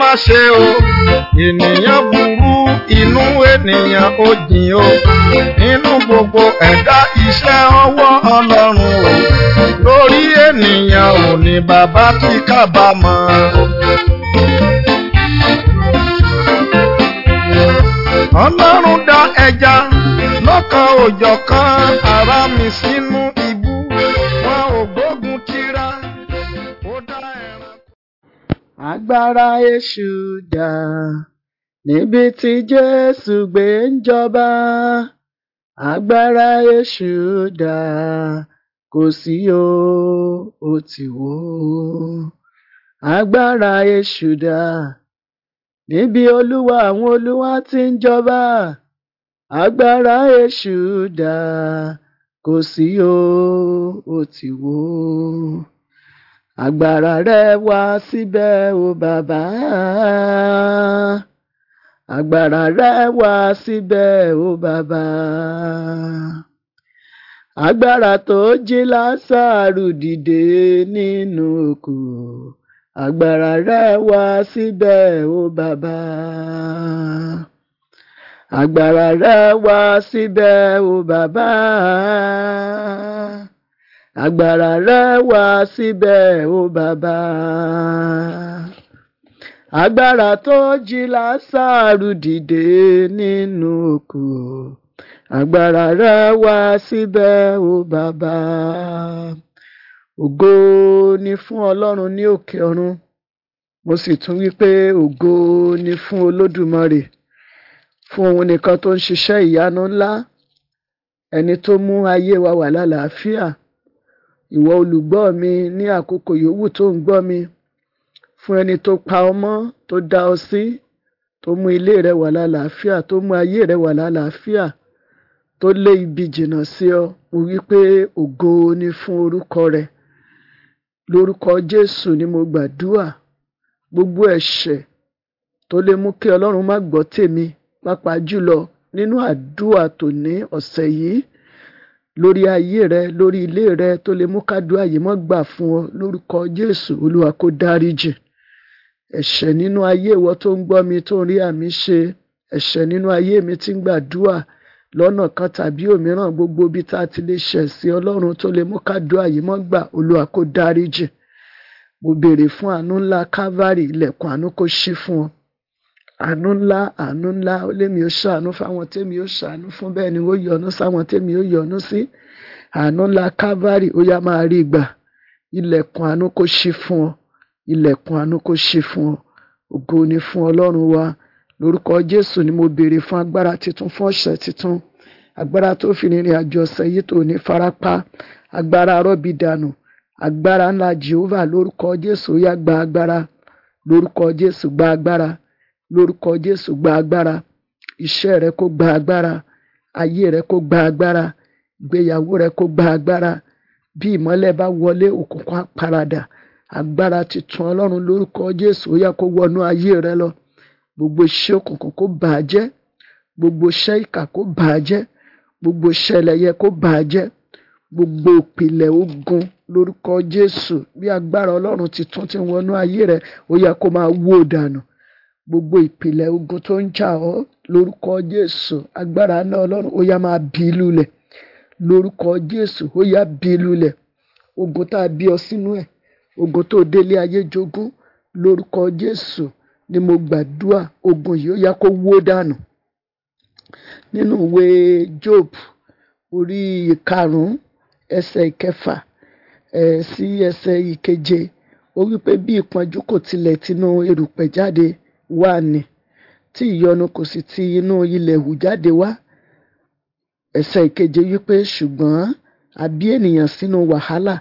má ṣe o ènìyàn burú inú ènìyàn ó jìn o nínú gbogbo ẹ̀dá iṣẹ́ ọwọ́ ọlọ́run o lórí ènìyàn ò ní bàbá ti kábàámọ̀. ọlọ́run dá ẹja lọ́kàn òjọ̀kan ara mi sínú agbára èṣù dà níbi tí Jésù gbé ń jọba agbára èṣù dà kò sí o ó ti wó agbára èṣù dà níbi olúwa àwọn olúwa ti ń jọba agbára èṣù dà kò sí o ó ti wó agbára rẹ wá síbẹ̀ o bàbá agbára rẹ wá síbẹ̀ o bàbá agbára tó jí lásàrù dìde nínú òkú agbára rẹ wá síbẹ̀ o bàbá agbára rẹ wá síbẹ̀ o bàbá agbára rẹ wá síbẹ̀ ó bàbá agbára tó jí lásàrù dìde nínú òkú agbára rẹ wá síbẹ̀ ó bàbá ògo ni fún ọlọ́run ní òkè ọ̀run mo sì tún wí pé ògo ni fún olódùmarè fún òun nìkan tó ń ṣiṣẹ́ ìyanu ńlá ẹni tó mú ayé wa wà lálàáfíà. La ìwọ olùgbọ́ mi ní àkókò yòówù tó ń gbọ́ mi fún ẹni tó pa ọ́ mọ́ tó dá ọ sí tó mú ilé rẹ wà lálàáfíà tó mú ayé rẹ wà lálàáfíà tó lé ibi jìnnà sí ọ mo wí pé ògo ni fún orúkọ rẹ lórúkọ Jésù ni mo gbàdúrà gbogbo ẹ̀ṣẹ̀ tó lè mú kí Ọlọ́run má gbọ́ tèmi pàápàá jùlọ nínú àdúrà tòní ọ̀sẹ̀ yìí lórí ayé rẹ lórí ilé rẹ tó lè mú kádùá yìí mọ́ gbà fún ọ lórúkọ Jésù Olúwa kó dáríjì ẹ̀ṣẹ̀ nínú ayé ìwọ tó ń gbọ́ mi tó ń rí àmì ṣe ẹ̀ṣẹ̀ nínú ayé mi tí ń gbàdúà lọ́nà kan tàbí òmíràn gbogbo ibi tá a ti lè ṣẹ̀ sí Ọlọ́run tó lè mú kádùá yìí mọ́ gbà Olúwa kó dáríjì mo béèrè fún àánú ńlá Calvary ilẹ̀kùn àánú kó ṣí fún ọ àánú ńlá àánú ńlá ó lémi ó ṣàánú fáwọn tèmi ó ṣàánú fún bẹ́ẹ̀ ni ó yọ́nú sáwọn tèmi ó yọ́nú sí àánú ńlá kávárì ó yá máa rí gbà ilẹ̀kùn àánú kó ṣí fún ọ ilẹ̀kùn àánú kó ṣí fún ọ ògo ni fún Ọlọ́run wa lórúkọ Jésù ni mo béèrè fún agbára titun fún ọ̀sẹ̀ titun agbára tó fi rìnrìn àjò ọ̀sẹ̀ yìí tó ní farapa agbára rọbì dànù agbára ńlá Jehovah lórúkọ Jésù ó yá gba agbára lórúkọ Jésù gba agbára lórúkọ Jésù gba agbára iṣẹ́ rẹ kó gba agbára ayé rẹ kó gba agbára ìgbéyàwó rẹ kó gba agbára bí ìmọ́lẹ̀ bá wọlé òkùnkùn á paradà agbára titun Ọlọ́run lórúkọ Jésù ó yá kó wọnú ayé rẹ lọ gbogbo iṣẹ́ òkùnkùn kó bàjẹ́ gbogbo iṣẹ́ ìkà kó bàjẹ́ gbogbo iṣẹ́ ẹlẹ́yẹ kó bàjẹ́ gbogbo ìpìlẹ̀ ogun lórúkọ Jésù bí agbára Ọlọ́run titun ti wọnú ayé rẹ ó yá kó máa wó dànù gbogbo ìpìlẹ̀ ogun tó ń jà ọ́ lórúkọ Jésù agbára náà Ọlọ́run ó yá máa bí lulẹ̀ lórúkọ Jésù ó yá bí lulẹ̀ ogun tá a bí ọ sínú ẹ̀ ogun tó délé ayé jogún lórúkọ Jésù ni mo gbàdúrà ogun yìí ó yá kó wó dànù nínú ìwé Job orí ìkarùn-ún ẹsẹ̀ ìkẹfà ẹ̀ sí ẹsẹ̀ ìkeje ó wí pé bí ìpọ́njú kò tilẹ̀ tinú erùpẹ̀ jáde wà ní tí ìyọnu kò sì ti inú ilẹ̀ hù jáde wá ẹsẹ̀ ìkeje wípé ṣùgbọ́n a bí ènìyàn sínú wàhálà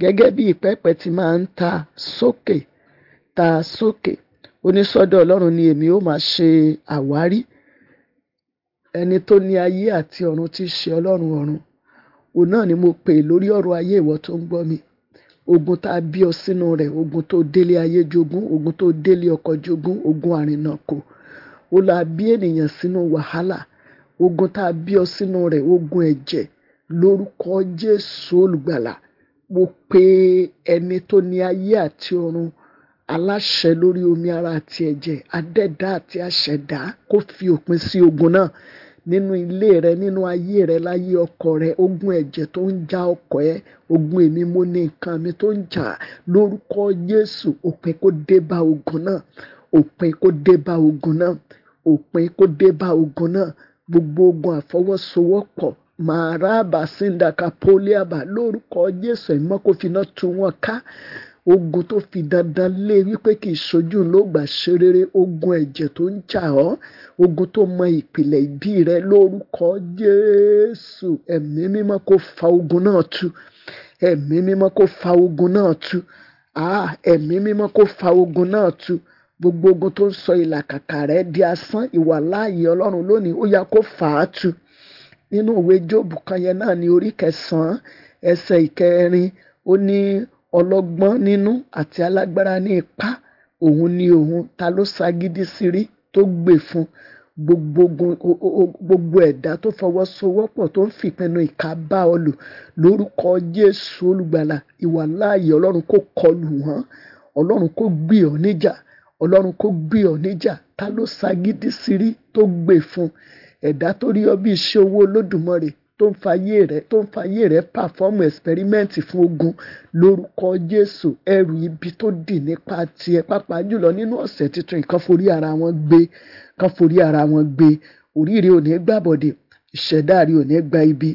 gẹ́gẹ́ bí ìpẹ́pẹ́ ti máa ń ta sókè ta sókè onísọ́dọ̀ Ọlọ́run ni èmi ó máa ṣe àwárí ẹni tó ní ayé àti ọ̀run tí ṣe Ọlọ́run ọ̀run òun náà ni mo pè lórí ọ̀rọ̀ ayé ìwọ tó ń gbọ́ mi ogun tá a bí ọ sínú rẹ̀ ogun tó délé ayé jogún ogun tó délé ọkọ jogún ogun àrìnàkò ó la bí ènìyàn sínú wàhálà ogun tá a bí ọ sínú rẹ̀ ogun ẹ̀jẹ̀ lórúkọ Jésù olùgbàlà mo pe ẹni tó ní ayé àti ọ̀run aláṣẹ lórí omi ara àti ẹ̀jẹ̀ adẹ́dá àti àṣẹ̀dá kó fi òpin sí ogun náà nínú ilé rẹ nínú ayé rẹ láyé ọkọ rẹ ogun ẹ̀jẹ̀ tó ń já ọkọ ẹ ogun èmi mo ní nǹkan mi tó ń jà lórúkọ Jésù òpin kó dé bá ogun náà òpin kó dé bá ogun náà òpin kó dé bá ogun náà gbogbo ogun àfọwọ́sowọ́pọ̀ màá rábà síndàkà pólíàbà lórúkọ Jésù ìmọ́kòfin náà tú wọn ká ogun tó fi dandan lé wípé kì í sojú ló gbà ṣe rere ogun ẹ̀jẹ̀ tó ń jà ọ́ ogun tó mọ ìpìlẹ̀ ìbí rẹ lórúkọ Jésù ẹ̀mí mímọ́ kó fa ogun náà tu ẹ̀mí mímọ́ kó fa ogun náà tu ẹ̀mí mímọ́ kó fa ogun náà tu gbogbo ogun tó ń sọ ìlàkàkà rẹ di asán ìwà láàyè Ọlọ́run lónìí ó yá kó fà á tu nínú ìwé Jóòbù kan yẹn náà ní orí kẹsànán ẹsẹ̀ ìkẹrin ó ní ọlọ́gbọ́n nínú àti alágbára ní ipá òun ni òun ta ló ṣagídí sí rí tó gbè fún gbogbo ẹ̀dá tó fọwọ́sowọ́pọ̀ tó ń fìpinnu ìka bá ọ lò lórúkọ Jésù olùgbàlà ìwà láàyè Ọlọ́run kò kọlù wọ́n Ọlọ́run kò gbè ọ́ níjà Ọlọ́run kò gbè ọ́ níjà ta ló ṣagídí sí rí tó gbè fún ẹ̀dá tó rí ọ bí iṣẹ́ owó Olódùmarè tó ń fayé rẹ tó ń fayé rẹ pàfọ́ọ̀mù ẹ̀sìpẹ́rímẹ́ǹtì fún ogun lórúkọ Jésù ẹrù ibi tó dì nípa tiẹ̀ pàápàá jùlọ nínú ọ̀sẹ̀ tuntun ìkan forí ara wọn gbé kan forí ara wọn gbé oríire ò ní gbàbọ̀dè ìṣẹ̀dá rẹ ò ní gba ibi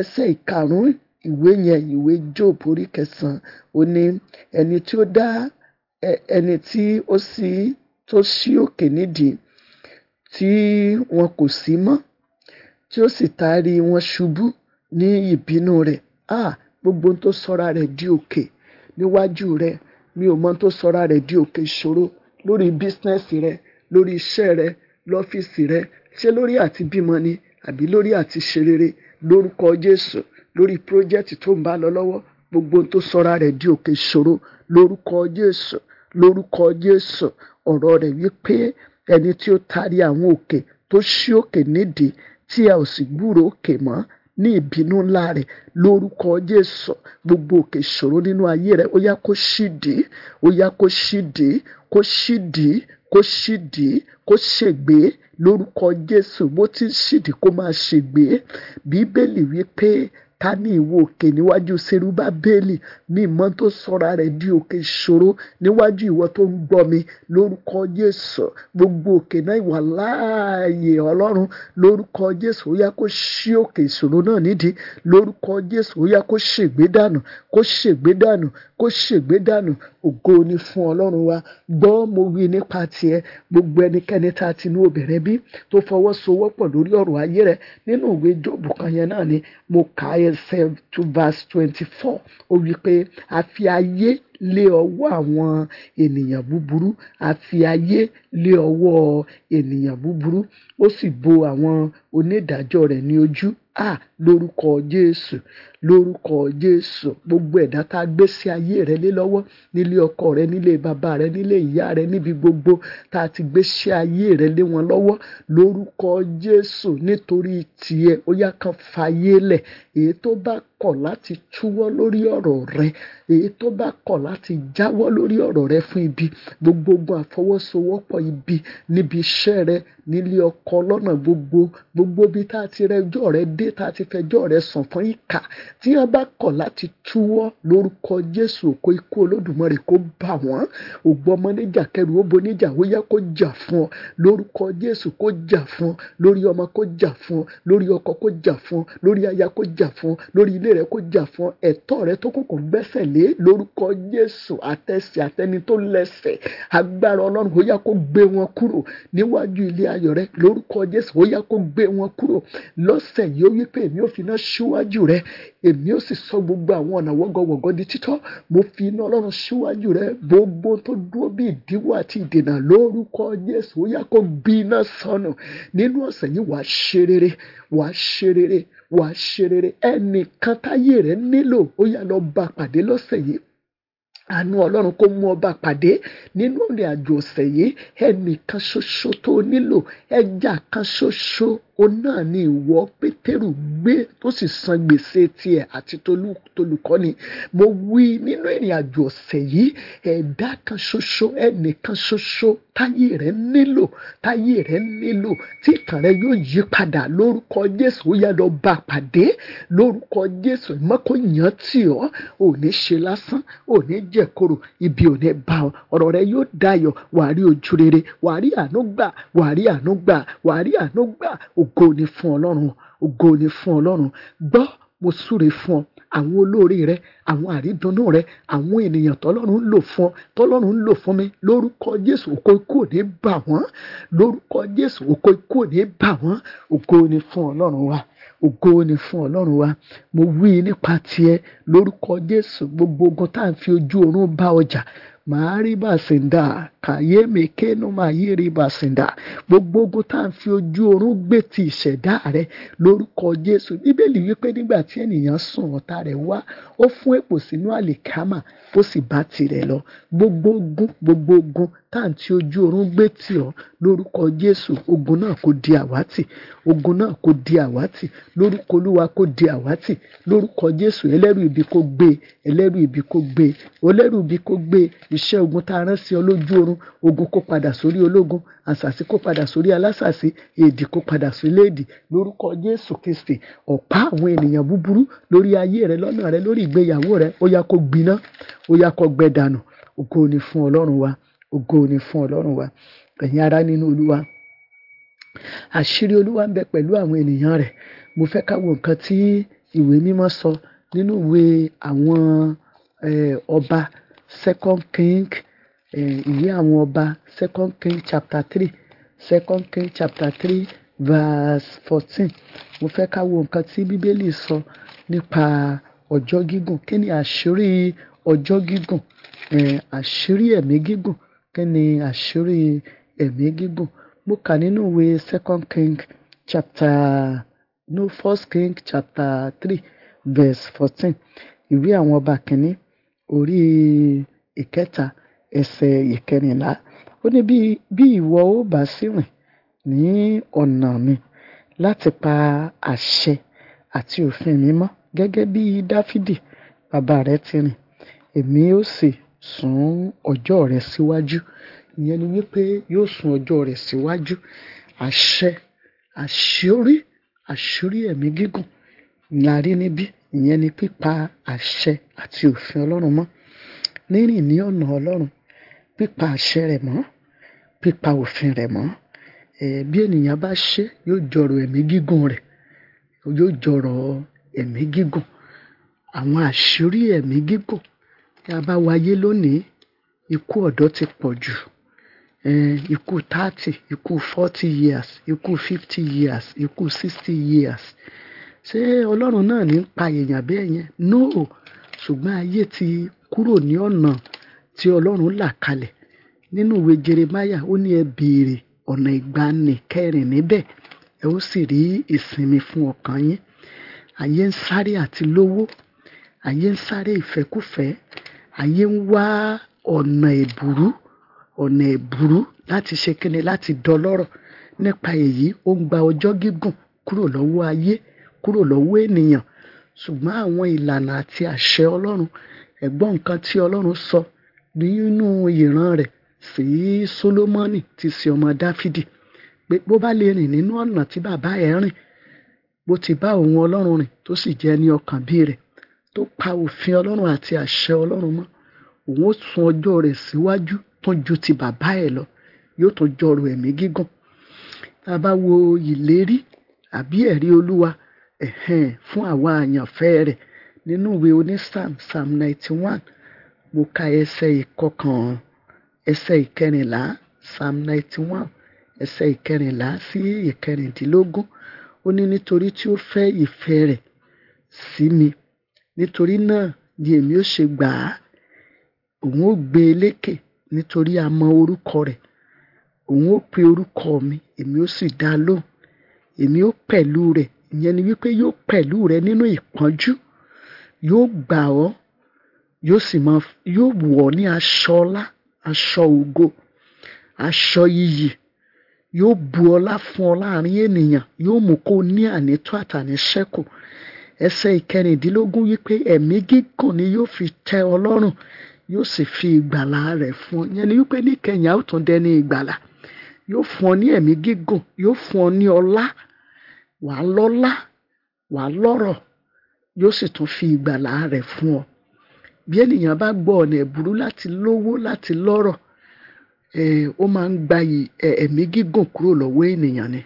ẹsẹ̀ ìkarùn ìwé yẹn ìwé Job orí kẹsàn-án ó ẹni tí ó dá ẹni tí ó sì tó sí òkè nídìí tí wọn kò sí mọ́ tí ó sì taari wọn ṣubú ní ìbínú rẹ̀. Háà! Ah, gbogbo ohun tó sọra rẹ̀ di òkè níwájú rẹ̀, mi ò mọ ohun tó sọra rẹ̀ di òkè ìṣòro lórí bísínẹ́sì rẹ, lórí iṣẹ́ rẹ, lọ́fíìsì rẹ, ṣé lórí àti bímọ ni àbí lórí àti ṣe rere lórúkọ Jésù lórí prójẹ́tì tó ń bá lọ lọ́wọ́ gbogbo tó sọra rẹ̀ di òkè ìṣòro lórúkọ Jésù lórúkọ Jésù ọ̀rọ̀ rẹ̀ wípé ẹni tí ó taari àwọn òkè tó ṣí òkè nídìí tí a ò sì gbúrò òkè mọ́ ní ìbínú ńlá rẹ̀ lórúkọ Jésù gbogbo òkè ìṣòro nínú ayé rẹ̀ ó yá kó ṣídì ó yá kó ṣídì kó ṣídì kó ṣídì kó ṣègbè lórúkọ Jésù bó ti ṣídì kó máa ṣègbè bíbélì wípé ta ní ìwọ òkè níwájú serubábélì ní ìmọ̀ tó sọra rẹ̀ di òkè ìṣòro níwájú ìwọ tó ń gbọ́ mi lórúkọ Jésù gbogbo òkè náà ìwà láàyè Ọlọ́run lórúkọ Jésù ó yá kó ṣí òkè ìṣòro náà nídìí lórúkọ Jésù ó yá kó ṣègbé dànù kó ṣègbé dànù kó ṣègbé dànù ògo ni fún ọlọ́run wa gbọ́ mo wí nípa tiẹ̀ gbogbo ẹnikẹ́ni tá a ti inú obìnrin bí tó fọwọ́sowọ́pọ̀ lórí ọ̀rọ̀ ayé rẹ̀ nínú ìwé jòbù kan yẹn náà ni mo kà á ẹsẹ̀ two verse twenty four ó wí pé àfi ayé lé ọwọ́ àwọn ènìyàn búburú àti ayé lé ọwọ́ ènìyàn búburú ó sì bo àwọn onídàájọ́ rẹ̀ ní ojú à lórúkọ Jésù lórúkọ Jésù gbogbo ẹ̀dá tá a gbé sí ayé rẹ lé lọ́wọ́ nílé ọkọ rẹ nílé bàbá rẹ nílé ìyá rẹ níbi gbogbo tá a ti gbé sí ayé rẹ lé wọn lọ́wọ́ lórúkọ Jésù nítorí tiẹ̀ ó yá kan fàyè lẹ̀ èyí tó bá kọ̀ láti túwọ́ lórí ọ̀rọ̀ rẹ, èyí tó bá kọ̀ láti jáwọ́ lórí ọ̀rọ̀ rẹ fún ibi, gbogbo ogun àfọwọ́sowọ́pọ̀ ibi níbi iṣẹ́ rẹ, nílé ọkọ lọ́nà gbogbo, gbogbo ibi tá a ti rẹjọ́ rẹ dé, tá a ti fẹjọ́ rẹ sùn fún ìkà. Tí wọ́n bá kọ̀ láti túwọ́ lórúkọ Jésù, ògo ikú Olódùmarè kó bà wọ́n. Ògo ọmọ níjà kẹrù, ó níjà, ó yẹ kó jà fún ọ. Lórúkọ Jésù kó jà fún ọ. Lórí ọmọ kó jà fún ọ. Lórí ọkọ kó jà fún ọ. Lórí aya kó jà fún ọ. Lórí ilé ìdílé rẹ kó jà fún ẹ̀tọ́ rẹ tó kọ́kọ́ gbẹ́sẹ̀ lé lórúkọ Jésù àtẹ̀sí àtẹni tó lẹ́sẹ̀ agbára Ọlọ́run ó yá kó gbé wọn kúrò níwájú ilé ayọ̀ rẹ lórúkọ Jésù ó yá kó gbé wọn kúrò lọ́sẹ̀ yìí ó wípé èmi ò fi iná síwájú rẹ èmi ò sì sọ gbogbo àwọn ọ̀nà wọ́gọ́wọ́gọ́ di títọ́ mo fi iná Ọlọ́run síwájú rẹ gbogbo tó dúró bí ìdíwọ́ àti ìdènà lórúkọ Jésù ó yá kó gbiná sọnù nínú ọ̀sẹ̀ yìí wàá ṣe wàá ṣe wà á ṣe rere ẹnìkan táyé rẹ nílò ó yá lọ bá pàdé lọ́sẹ̀ yìí àánú ọlọ́run kó mú ọba pàdé nínú ìrìn àjò ọ̀sẹ̀ yìí ẹnìkan ṣoṣo tó nílò ẹja kan ṣoṣo òun náà ni ìwọ pétérù gbé tó sì san gbèsè tiẹ̀ àti tolùkọ́ni mo wí nínú ìrìn àjò ọ̀sẹ̀ yìí ẹ̀dá kan ṣoṣo ẹnìkan ṣoṣo táyé rẹ nílò táyé rẹ nílò tí ìtàn rẹ yóò yí padà lórúkọ jésù ó yá lọ bá a pàdé lórúkọ jésù mọ́kò yàn tì ọ́ ò ní ṣe lásán ò ní jẹ korò ibi ò ní bá ọ ọ̀rọ̀ rẹ yóò dayọ̀ wàá rí ojú rere wàá rí àánú gbà wàá rí àánú gbà wàá rí àánú gbà òg ògo ni fún ọlọ́run ògo ni fún ọlọ́run gbọ́ mo súre fún ọ àwọn olóore rẹ àwọn àrídùnnú rẹ àwọn ènìyàn tọ́lọ́run ń lò fún ọ tọ́lọ́run ń lò fún mi lórúkọ jésù òkò ikú ò ní bà wọ́n lórúkọ jésù òkò ikú ò ní bà wọ́n ògo ni fún ọlọ́run wa ògo ni fún ọlọ́run wa mo wí nípa tiẹ̀ lórúkọ jésù gbogbo ogun tá à ń fi ojú oorun bá ọjà màárìbà sìndà kàyé mèkénu màyírìbà sìndà gbogbo ogun tá à ń fi ojú oorun gbé ti ìṣẹ̀dá rẹ lórúkọ jésù bíbélì wípé nígbà tí ènìyàn sùn ọ̀tá rẹ̀ wá ó fún èpò sínú àlìkámà ó sì bá tirẹ̀ lọ gbogbo ogun gbogbo ogun Sátán tí ojú oorun gbé tì ọ́ lórúkọ Jésù ogun náà kò di àwátì ogun náà kò di àwátì lórúkọ Olúwa kò di àwátì lórúkọ Jésù ẹlẹ́rù ibi kò gbé ẹlẹ́rù ibi kò gbé ẹlẹ́rù ibi kò gbé iṣẹ́ ogun tá a rán sí ọ lójú oorun ogun kó padà sórí ológun àṣàsí kó padà sórí alásàsí èdì kó padà sílé èdì lórúkọ Jésù Kristi ọ̀pá àwọn ènìyàn búburú lórí ayé rẹ lọ́nà rẹ lórí ìgbéyàwó rẹ ó yá kó gbiná ó yá kó gbẹ dànù ògo ni fún Ọlọ́run wa ògo ni fún ọlọ́run wa ẹ̀yin ará nínú olúwa àṣírí olúwa ń bẹ pẹ̀lú àwọn ènìyàn rẹ̀ mo fẹ́ ká wo nǹkan tí ìwé mímọ́ sọ nínú ìwé àwọn ọba second king ìwé àwọn ọba second king chapter three second king chapter three verse fourteen mo fẹ́ ká wo nǹkan tí bíbélì sọ nípa ọjọ́ gígùn kí ni àṣírí ọjọ́ gígùn àṣírí ẹ̀mí gígùn kí ni àṣírí ẹ̀mí gígùn mo kà nínú ìwé second king chapter no first king chapter three verse fourteen ìwé àwọn ọba kìíní orí ìkẹta ẹsẹ̀ ìkẹrìnlá ó ní bí ìwọ ó bá sì rìn ní ọ̀nà mi láti pa àṣẹ àti òfin mi mọ́ gẹ́gẹ́ bí dáfídì bàbá rẹ̀ ti rìn èmi ó sì sún ọjọ́ rẹ síwájú ìyẹn ni wípé yóò sún ọjọ́ rẹ síwájú àṣẹ àṣírí àṣírí ẹ̀mí gígùn la rí níbí ìyẹn ni pípa àṣẹ àti òfin Ọlọ́run mọ́ rírìn ní ọ̀nà Ọlọ́run pípa àṣẹ rẹ̀ mọ́ pípa òfin rẹ̀ mọ́ um bí ènìyàn bá ṣe yóò jọ̀rọ̀ ẹ̀mí gígùn rẹ̀ yóò jọ̀rọ̀ ẹ̀mí gígùn àwọn àṣírí ẹ̀mí gígùn Tí a bá wo ayé lónìí, ikú ọ̀dọ́ ti pọ̀ jù. ikú thirty, ikú forty years, ikú fifty years, ikú sixty years. Ṣé Ọlọ́run náà ní ń pa èèyàn bẹ́yẹn? No. Ṣùgbọ́n ayé ti kúrò ní ọ̀nà tí Ọlọ́run là kalẹ̀. Nínú ìwé Jeremáyà ó ní ẹ béèrè ọ̀nà ìgbani kẹ́rìn níbẹ̀, ẹ ó sì rí ìsinmi fún ọkàn yín. Ayé ń sáré àti lówó, ayé ń sáré ìfẹ́kúfẹ̀ẹ́, ayé ń wá ọ̀nà ẹ̀bùrú ọ̀nà ẹ̀bùrú láti ṣe kíni láti dọlọ́rọ̀ nípa èyí ó ń gba ọjọ́ gígùn kúrò lọ́wọ́ ayé kúrò lọ́wọ́ ènìyàn ṣùgbọ́n àwọn ìlànà àti àṣẹ ọlọ́run ẹ̀gbọ́n nǹkan tí ọlọ́run sọ nínú ìran rẹ̀ sí Sólómọ́nì ti sin ọmọ Dáfídì pé bó bá lè rìn nínú ọ̀nà tí bàbá ẹ̀ rìn bó ti bá òun ọlọ́run rìn tó sì jẹ́ ní ọkàn bí rẹ̀ tó pa òfin Ọlọ́run àti àṣẹ Ọlọ́run mọ́ òun ó sún ọjọ́ rẹ̀ síwájú tó ju ti bàbá ẹ̀ lọ yóò tún jọrò ẹ̀mí gígùn tá a bá wo ìlérí àbí ẹ̀rí Olúwa fún àwa àyànfẹ́ rẹ̀ nínú ìwé onísàm psalm ninety one mo ka ẹsẹ̀ ìkọkàn ẹsẹ̀ ìkẹrìnlá psalm ninety one ẹsẹ̀ ìkẹrìnlá sí ìkẹrìndínlógún ó ní nítorí tí ó fẹ́ ìfẹ́ rẹ̀ sí mi nítorí náà ni èmi ó ṣe gbà á òun ó gbé e lékè nítorí a mọ orúkọ rẹ̀ òun ó pe orúkọ mi èmi ó sì dá a lóhùn èmi ó pẹ̀lú rẹ̀ ìyẹn ni wípé yóò pẹ̀lú rẹ̀ nínú ìpọ́njú yóò gbà ọ́ yóò sì máa yóò wọ̀ ní aṣọ ọlá aṣọ ògo aṣọ iyì yóò bu ọlá fún ọ láàrin ènìyàn yóò mú kó ní ànító àtàníṣẹ́kù ẹsẹ̀ ìkẹrìndínlógún wípé ẹ̀mí gígùn ni yóò fi tẹ́ ọ lọ́rùn yóò sì fi ìgbàlà rẹ̀ fún ọ yẹn ni wípé níkẹyìn a ó tún dẹni ìgbàlà yóò fún ọ ní ẹ̀mí gígùn yóò fún ọ ní ọlá wàá lọ́lá wàá lọ́rọ̀ yóò sì tún fi ìgbàlà rẹ̀ fún ọ bí ènìyàn bá gbọ́ ọ̀nà ẹ̀bùrú láti lówó láti lọ́rọ̀ ó máa ń gba ẹ̀mí gígùn kúrò lọ́wọ́ ènìyàn ni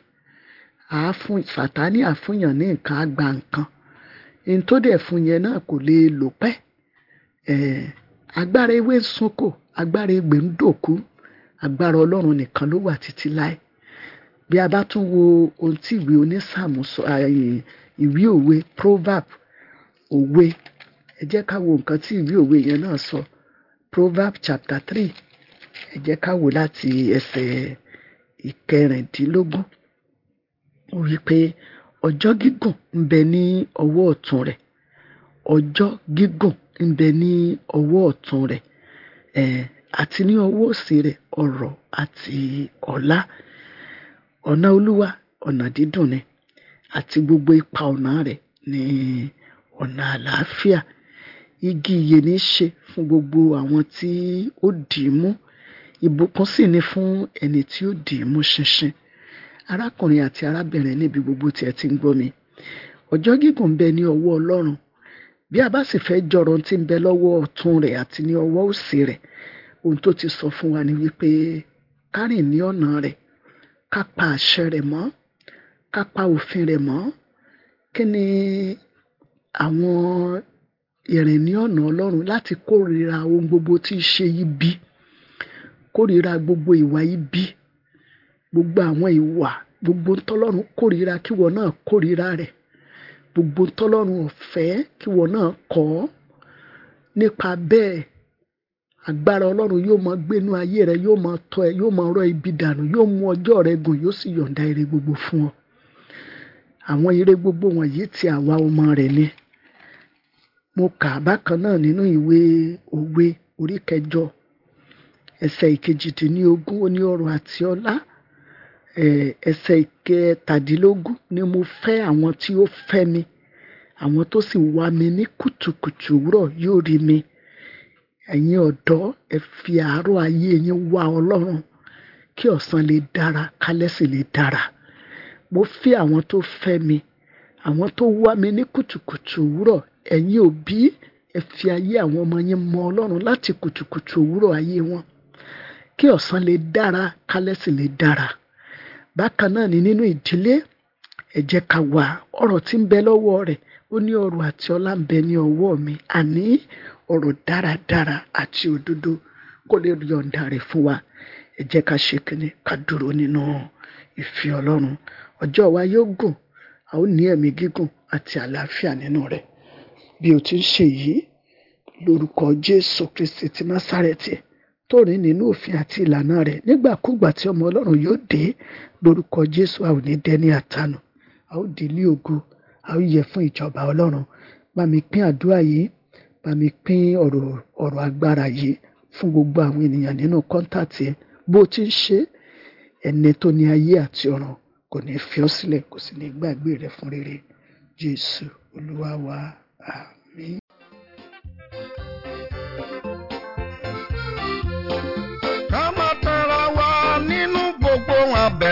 àá fún Sàtánì àfúnyàn ní nǹkan á nǹkan n tó dẹ̀ fún yẹn náà kò lè lò pẹ́ agbára ewé ń sunkò agbára egbè ń dòkú agbára ọlọ́run nìkan ló wà títí láé bí a bá tún wo ohun tí ìwé onísàmù sọ ìwé òwe proverb òwe ẹ jẹ́ ká wo nǹkan tí ìwé òwe yẹn náà sọ proverb chapter three ẹ jẹ́ ká wo láti ẹsẹ̀ ìkẹrìndínlógún ó ọjọ́ gígùn ń bẹ ní ọwọ́ ọ̀tún rẹ̀ ọjọ́ gígùn ń bẹ ní ọwọ́ ọ̀tún rẹ̀ eh, àti ní ọwọ́ òsì rẹ̀ ọrọ̀ àti ọlá ọ̀nà olúwa ọ̀nà dídùn ni àti gbogbo ipa ọ̀nà rẹ̀ ní ọ̀nà àlàáfíà igi ìyè ní í ṣe fún gbogbo àwọn tí ó dì í mú ìbùkún sì ni fún ẹni tí ó dì í mú ṣinṣin arákùnrin àti arábìnrin níbi gbogbo tí ẹ ti ń gbọ́ mi ọjọ́ gígùn ń bẹ ní ọwọ́ Ọlọ́run bí a bá sì fẹ́ jọrọ tí ń bẹ lọ́wọ́ ọ̀tún rẹ̀ àti ní ọwọ́ òsì rẹ̀ ohun tó ti sọ fún wa ni wípé ká rìn ní ọ̀nà rẹ̀ ká pa àṣẹ rẹ̀ mọ́ ká pa òfin rẹ̀ mọ́ kí ni àwọn ìrìn ní ọ̀nà Ọlọ́run láti kórìíra ohun gbogbo tí í ṣe ibi kórìíra gbogbo ìwà ibi gbogbo àwọn ìwà gbogbo tọ́lọ́run kórìíra kíwọ náà kórìíra rẹ̀ gbogbo tọ́lọ́run ọ̀fẹ́ kíwọ náà kọ́ nípa bẹ́ẹ̀ agbára ọlọ́run yóò máa gbénú ayé rẹ yóò máa tọ́ ẹ yóò máa rọ ibi dànù yóò mú ọjọ́ rẹ gùn yóò sì yọ̀ǹda ire gbogbo fún ọ àwọn ire gbogbo wọ̀nyí ti àwa ọmọ rẹ ni mo kà bákan náà nínú ìwé òwe orí kẹjọ ẹsẹ̀ ìkejìdínlógún ó ní ọrọ̀ àti ọlá ẹsẹ̀ ìkẹtàdínlógún ni mo fẹ́ àwọn tí ó fẹ́ mi àwọn tó sì wá mi ní kùtùkùtù òwúrọ̀ yóò rí mi ẹ̀yin ọ̀dọ́ ẹ fi àárọ̀ ayé yín wá ọlọ́run kí ọ̀sán lè dára kálẹ́ sì lè dára mo fẹ́ àwọn tó fẹ́ mi àwọn tó wá mi ní kùtùkùtù òwúrọ̀ ẹ̀yin òbí ẹ fi ayé àwọn ọmọ yín mọ ọlọ́run láti kùtùkùtù òwúrọ̀ ayé wọn kí ọ̀sán lè dára kálẹ́ sì lè dára bákan náà ni nínú ìdílé ẹ jẹ́ ká wá ọ̀rọ̀ tí ń bẹ lọ́wọ́ rẹ̀ ó ní ọ̀rọ̀ àti ọlá ń bẹ ní ọwọ́ mi àní ọ̀rọ̀ dáradára àti òdodo kó lè yọ̀ǹda rẹ̀ fún wa ẹ jẹ́ ká ṣe kínní ká dúró nínú ìfẹ́ ọlọ́run ọjọ́ wa yóò gùn a ó ní ẹ̀mí gígùn àti àlàáfíà nínú rẹ̀ bí o ti ń ṣe yìí lórúkọ Jésù Kristi ti Násárẹ́tì tó rìn nínú òfin àti ìlànà rẹ̀ nígbàkúgbà tí ọmọ ọlọ́run yóò dé lórúkọ jésù a ò ní dẹni àtànù a ó délé ògo a ó yẹ fún ìjọba ọlọ́run bá mi pín àdúrà yìí bá mi pín ọ̀rọ̀ ọ̀rọ̀ agbára yìí fún gbogbo àwọn ènìyàn nínú kọ́ńtàtì ẹ bó ti ń ṣe ẹni tó ní ayé àti ọ̀run kò ní fi ọ́ sílẹ̀ kò sì ní gbàgbé rẹ fún rere jésù olúwa wa àmín.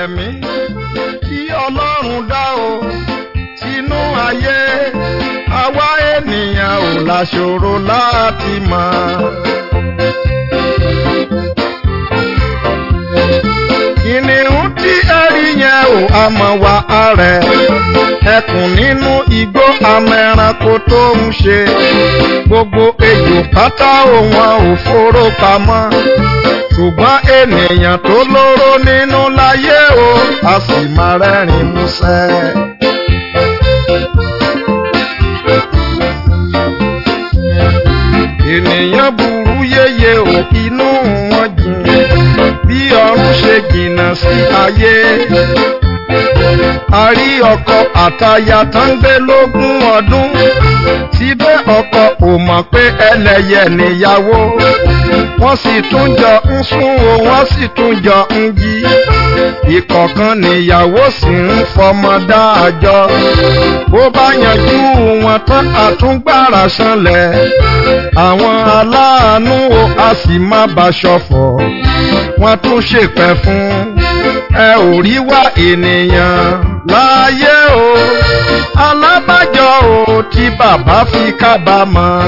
ẹ̀mí tí Ọlọ́run dá o sínú ayé àwa ènìyàn ò láṣòro láti mọ̀. kìnìún tí ẹ rí yẹn ò àmọ́ wa ẹkùn nínú igbó amẹranko tó ń ṣe gbogbo ejò pátá òun ò foró ṣùgbọ́n ènìyàn tó lóró nínú láyé o a sì máa rẹ́rìn músẹ́. ènìyàn burú yéye o inú wọn jìn bí ọ̀run ṣe jìnnà sí ayé a rí ọkọ àtaya tó ń gbé lógún ọdún síbẹ̀ ọkọ ò mọ̀ pé ẹlẹ́yẹ níyàwó wọ́n sì tún jọ ń sùn o wọ́n sì tún jọ ń jí ìkọ̀kan níyàwó sì ń fọmọ dáàjọ bó bá yanjú wọn tán àtúngbàrà sanlẹ̀ àwọn aláàánú o a sì má bá ṣọ̀fọ̀ wọ́n tún ṣèpẹ́ fún un ẹ ò rí wá ènìyàn láyé o alábàjọ o tí bàbá fi kábàámọ̀.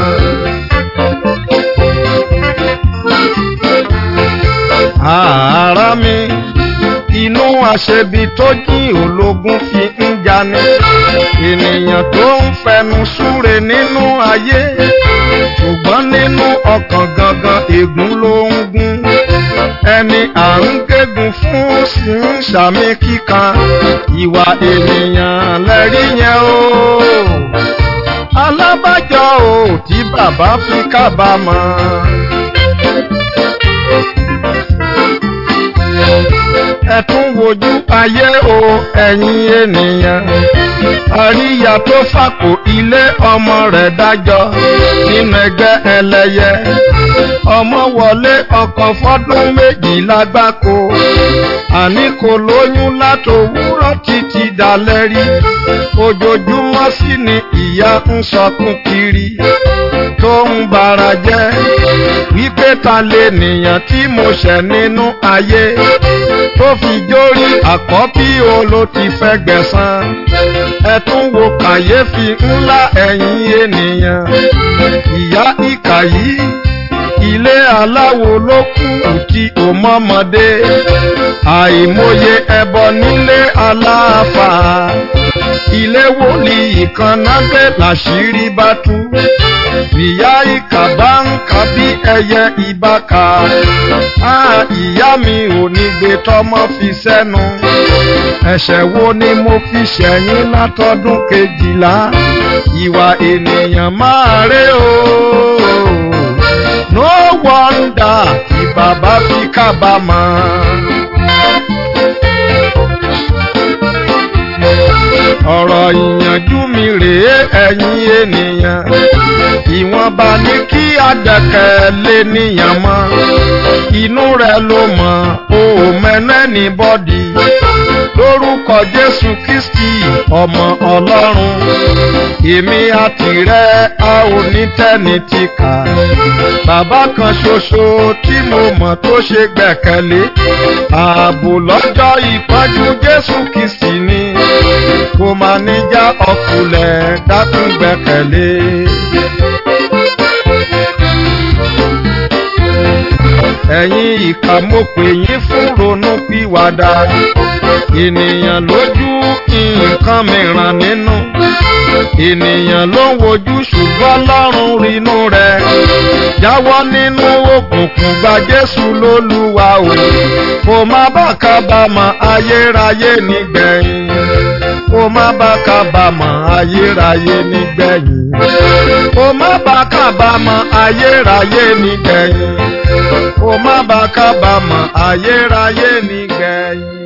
ààrá mi inú àṣebi tó jí ológun fi ń jani ènìyàn tó ń fẹnu súre nínú ayé ṣùgbọ́n nínú ọkàn gangan ègún ló ń gún ẹni sàmì kíkan ìwà ènìyàn lẹ́rí yẹn o. alábàjọ ò tí bàbá fi kábàámọ̀. ẹ tún wojú ayé o ẹ̀yin ènìyàn àríyá tó fàkó ilé ọmọ rẹ̀ dájọ́ nínú ẹgbẹ́ ẹlẹ́yẹ ọmọ wọlé ọkàn fọdún méjìlá gbáko àní kò lóyún látòwúrọ̀ títí dalẹ́ rí ojoojúmọ́ sí ni ìyá ń sọkún kiri tó ń bara jẹ́ wípé ta lè nìyàn tí mo ṣẹ̀ nínú ayé tó fi jórí àkọ́bí o ló ti fẹ́ gbẹ̀san ẹ tún wo kàyéfì ńlá ẹ̀yin ènìyàn ìyá ìkà ilé aláwo ló kù tí ò mọ́mọdé àìmọye ẹbọ nílé aláàfà ilé wòlíì kan nábẹ́ làṣírí bá tú ìyá ìkà bá ń ka bí ẹyẹ ìbáka á ìyá mi ò ní gbé tọmọ fi sẹ́nu ẹ̀ṣẹ̀ wo ni mo fi ṣẹ̀yìn látọdún kejìlá ìwà ènìyàn máa ré o bàbá fi kábàámọ̀. ọ̀rọ̀ ìyànjú mi rèé ẹ̀yin ènìyàn ìwọ̀nba ní kí àdẹ̀kẹ́ lé níyàn mọ́ inú rẹ̀ ló mọ̀ o ò mẹ́nẹ́ni bọ́dì lórúkọ Jésù Kristi ọmọ Ọlọ́run èmi àtìrẹ a ò ní tẹ́ni ti kà bàbá kan ṣoṣo tí mo mọ̀ tó ṣe gbẹ̀kẹ̀lé ààbò lọ́jọ́ ìpọ́njú Jésù Kristi ni kò máa níjà ọ̀kùnlẹ̀ dákun gbẹ̀kẹ̀lé. ẹ̀yin ìkà yín fún ronú pìwàdà ènìyàn lójú nǹkan mìíràn nínú ènìyàn ló ń wojú ṣùgbọ́n lọ́rùn rinú rẹ̀ jáwọ́ nínú òkùnkùn gba Jésù lólúwa o kò má bá kábàámọ̀ ayérayé nígbẹ̀yìn kò má bá kábàámọ̀ ayérayé nígbẹ̀yìn kò má bá kábàámọ̀ ayérayé nígbẹ̀yìn kò má bá kábàámọ̀ ayérayé nígbẹ̀yìn.